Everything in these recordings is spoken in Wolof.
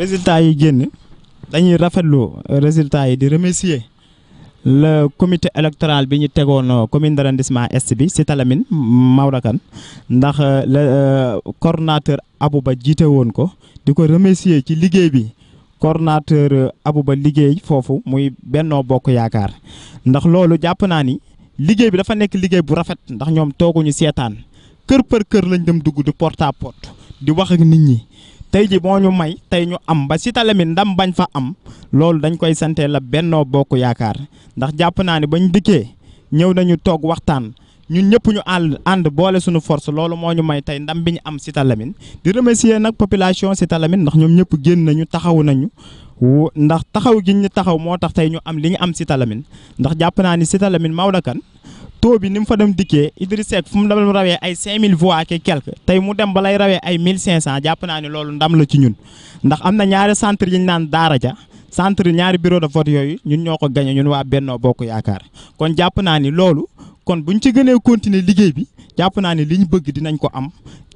résultats yi génn dañuy rafetlu euh, résultats yi di remercier le comité électoral bi ñu tegoon euh, commune d'arrondissement est bi si Talamine Maodo ndax euh, le coordonnateur Abouba jiite woon ko di ko remercier ci liggéey bi coordonnateur abuba liggéey foofu muy Benno Bokk Yaakaar ndax loolu jàpp naa ni liggéey bi dafa nekk liggéey bu rafet ndax ñoom tooguñu seetaan kër par kër lañ dem dugg di porte porte di wax nit ñi. tey ji boo ñu may tey ñu am ba si talamin ndam bañ fa am loolu dañ koy santee la Benno Bokk Yaakaar ndax jàpp naa ne bañ dikkee ñëw nañu toog waxtaan ñun ñëpp ñu ànd ànd boole suñu force loolu moo ñu may tey ndam bi ñu am si talamin di remercier nag population si talamin ndax ñoom ñëpp génn nañu taxaw nañu ndax taxaw gi ñu taxaw moo tax tey ñu am li ñu am si talamin ndax jàpp naa ni si talamin Maodo Kane taux bi ni mu fa dem dikkee Idriss Seck fu mu dem rawee ay 5000 voix ak quelque tey mu dem balay lay rawee ay 1500 jàpp naa ne loolu ndam la ci ñun ndax am na ñaari centre yi ñu naan daara ja centre ñaari bureau de vote yooyu ñun ñoo ko gañe ñun waa Bennoo Bokk Yaakaar kon jàpp naa ni loolu kon buñ ci gënee continuer liggéey bi jàpp naa ne li ñu bëgg dinañ ko am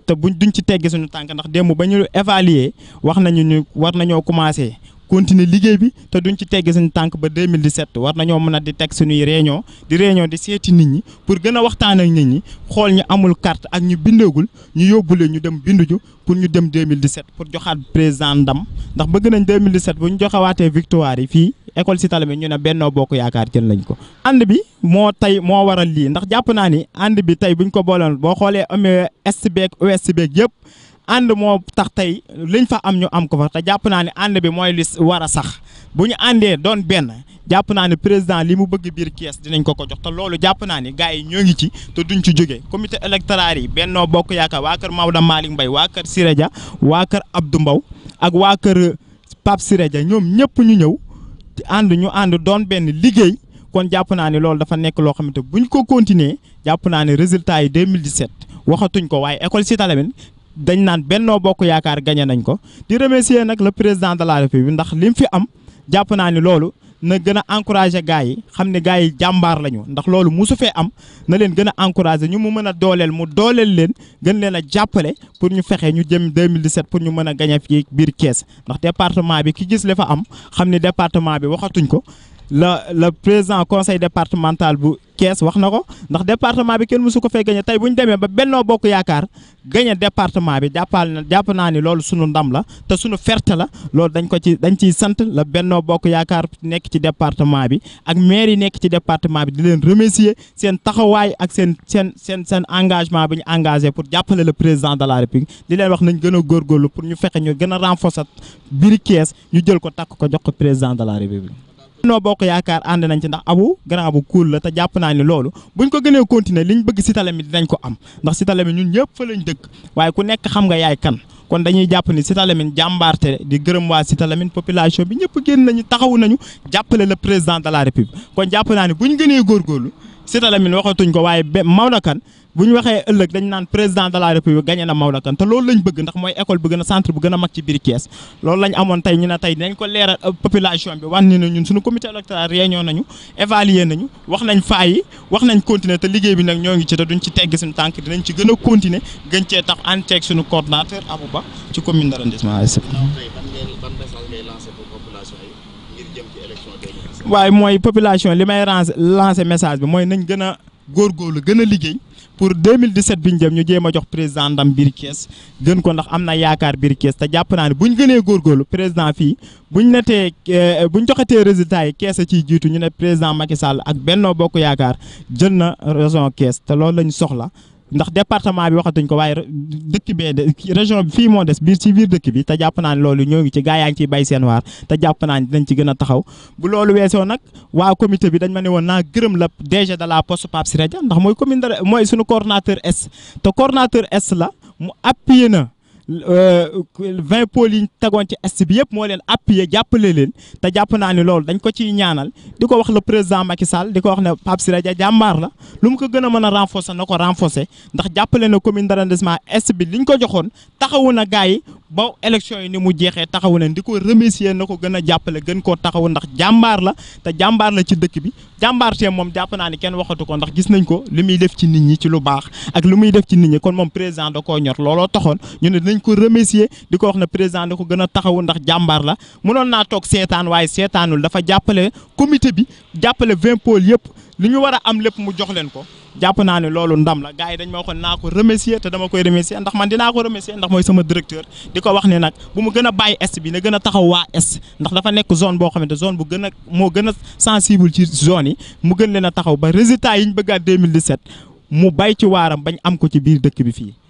te buñ duñ ci teggi suñu tànk ndax démb ba ñu évaluer wax nañu ñu war nañoo commencé. continuer liggéey bi te duñ ci tegg seen tànk ba 2017 war nañoo mën a di teg suñuy réunion di réunion di seeti nit ñi pour gën a waxtaan ak nit ñi xool ñu amul carte ak ñu bindagul ñu yóbbule ñu dem binduju pour ñu dem 2017 pour joxaat président ndam ndax bëgg nañ 2017 bu ñu joxewaatee victoire yi fii école si talami ñu ne Benno Bokk Yaakaar jël lañ ko ànd bi moo tey moo waral lii ndax jàpp naa ni ànd bi tey buñ ko booloon boo xoolee amee est beeg ouest beeg yëpp ànd moo tax tey liñ fa am ñu am ko fa te jàpp naa ne ànd bi mooy li war a sax bu ñu àndee doon benn jàpp naa ne président li mu bëgg biir kees dinañ ko ko jox te loolu jàpp naa ni gars yi ñoo ngi ci te duñ ci jógee comité électoral yi Benno Bokk Yaakaar waa kër Maodo Malick Mbaye waa kër Siré ja waa kër Abdou Mbow ak waa kër euh, Pape Siré Dia ñoom ñëpp ñu ñëw ànd ñu ànd doon benn liggéey kon jàpp naa ne lool dafa nekk loo xamante buñ ko continuer jàpp naa ne résultat yi 2017 waxatuñ ko waaye école si dañ naan Benno Bokk Yaakaar gañe nañ ko di remercier nag la président de la République ndax li fi am jàpp naa ni loolu na gën a encourager gars yi xam ne gars yi jàmbaar lañu ndax loolu musu fee am na leen gën a encourager ñu mu mën a dooleel mu dooleel leen gën leen a jàppale pour ñu fexe ñu jëm mille 2017 pour ñu mën a gagné fii biir Thiès ndax département bi ki gis li fa am xam ne département bi waxatuñ ko la le président conseil départemental bu kees wax na ko ndax département bi kenn mësu ko fee gagné tey bu ñu demee ba Benno Bokk Yaakaar gagné département bi jàppale na jàpp naa ni loolu sunu ndam la te sunu ferte la loolu dañ ko ci dañ ciy sant la Benno Bokk Yaakaar nekk ci département bi ak maire yi nekk ci département bi di leen remercier seen taxawaay ak seen seen seen seen engagement bi ñu engagé pour jàppale le président de la République di leen wax nañ gën a pour ñu fexe ñu gën a renforcer biir Thiès ñu jël ko takk ko jox ko président de la République. noo bokk yaakaar ànd nañ ci ndax abu grand bu la te jàpp naa ni loolu buñ ko gënee continuer liñ bëgg si tale mi dinañ ko am ndax si tale mi ñun ñëpp fa lañ dëkk waaye ku nekk xam nga yaay kan kon dañuy jàpp ni Cité Lamy jàmbaarte di gërëm waa Cité Lamy population bi ñëpp génn nañu taxaw nañu jàppale le président de la république kon jàpp naa ne bu ñu gënee góorgóorlu Cité Lamy waxatuñ ko waaye na kan bu ñu waxee ëllëg dañ naan président de la république gagné na Maodo Kane te loolu lañ bëgg ndax mooy école bi gën a centre bu gën a mag ci biir Thiès loolu lañ amoon tey ñu ne tey dinañ ko leeral euh, population bi wax ni na ñun suñu comité électoral réunion nañu évaluer nañu wax nañ faa yi wax nañ continuer te liggéey bi nag ñoo ngi ci duñ ci tegg suñu tànk dinañ ci gën a continuer gën cee tax ànd ceeg suñu coordonnateur Abouba ci commune d'arrondissement waaye mooy population li may lancer message bi mooy nañ gën a góorgóorlu gën a liggéey pour 2017 bi biñ jëm ñu jéem a jox président ndam biir Thiès gën ko ndax am na yaakaar biir kees te jàpp naa ne bu ñu gënee góorgóorlu président fii bu ñu netee eh, bu ñu joxatee résultat yi Thiès a ciy jiitu ñu ne président Macky Sall ak Benno Bokk Yaakaar jël na région kees te loolu la ñu soxla. ndax département bi waxatuñ ko waaye dëkk bee de région bi fii moo des biir si biir dëkk bi te jàpp naan loolu ñoo ngi ci gaa yaa ngi ciy bay seen waar te jàpp naa ne dinañ ci gën a taxaw bu loolu weesoo nag waa comité bi dañ ma ne woon naa gërëm la DG de la poste Pape ndax mooy commune mooy sunu coordonnateur es te coordonnateur S la mu appuyé na Euh, euh, vingt pôles yi ñu tegoon ci est bi yëpp moo leen app appuyer jàppale leen te jàpp naa ni loolu dañ ko ciy ñaanal di ko wax la président Macky Sall di ko wax ne Pape Siré Dia jàmbaar la lu mu ko gën a mën a renforcer na ko renforcer ndax jàppale na commune d'arrondissement est bi ko joxoon taxawu na gars yi ba élection yi ni mu jeexee taxawu na di ko remercier na ko gën a jàppale gën ko taxawu ndax jàmbaar la te jàmbaar la ci dëkk bi jàmbaartee moom jàpp naa ni kenn waxatu ko ndax gis nañ ko li muy def ci nit ñi ci lu baax ak lu muy def ci nit ñi kon moom président da ñor looloo taxoon dinañ ko remercier di ko wax ne président da ko gën a taxawu ndax jàmbar la mënoon naa toog seetaan waaye seetaanul dafa jàppale comité bi jàppale vingt pôles yëpp li ñu war a am lépp mu jox leen ko jàpp naa ne loolu ndam la gars yi dañ ma waxoon naa ko remercier te dama koy remercier ndax man dinaa ko remercier ndax mooy sama directeur di ko wax ne nag bu mu gën a bàyyi est bi na gën a taxaw waa est ndax dafa nekk zone boo xamante zone bu gën a moo gën a sensible ci zone yi mu gën leen a taxaw ba résultat yi ñu bëgg a 2017 mu bay ci waaram bañ am ko ci biir dëkk bi fii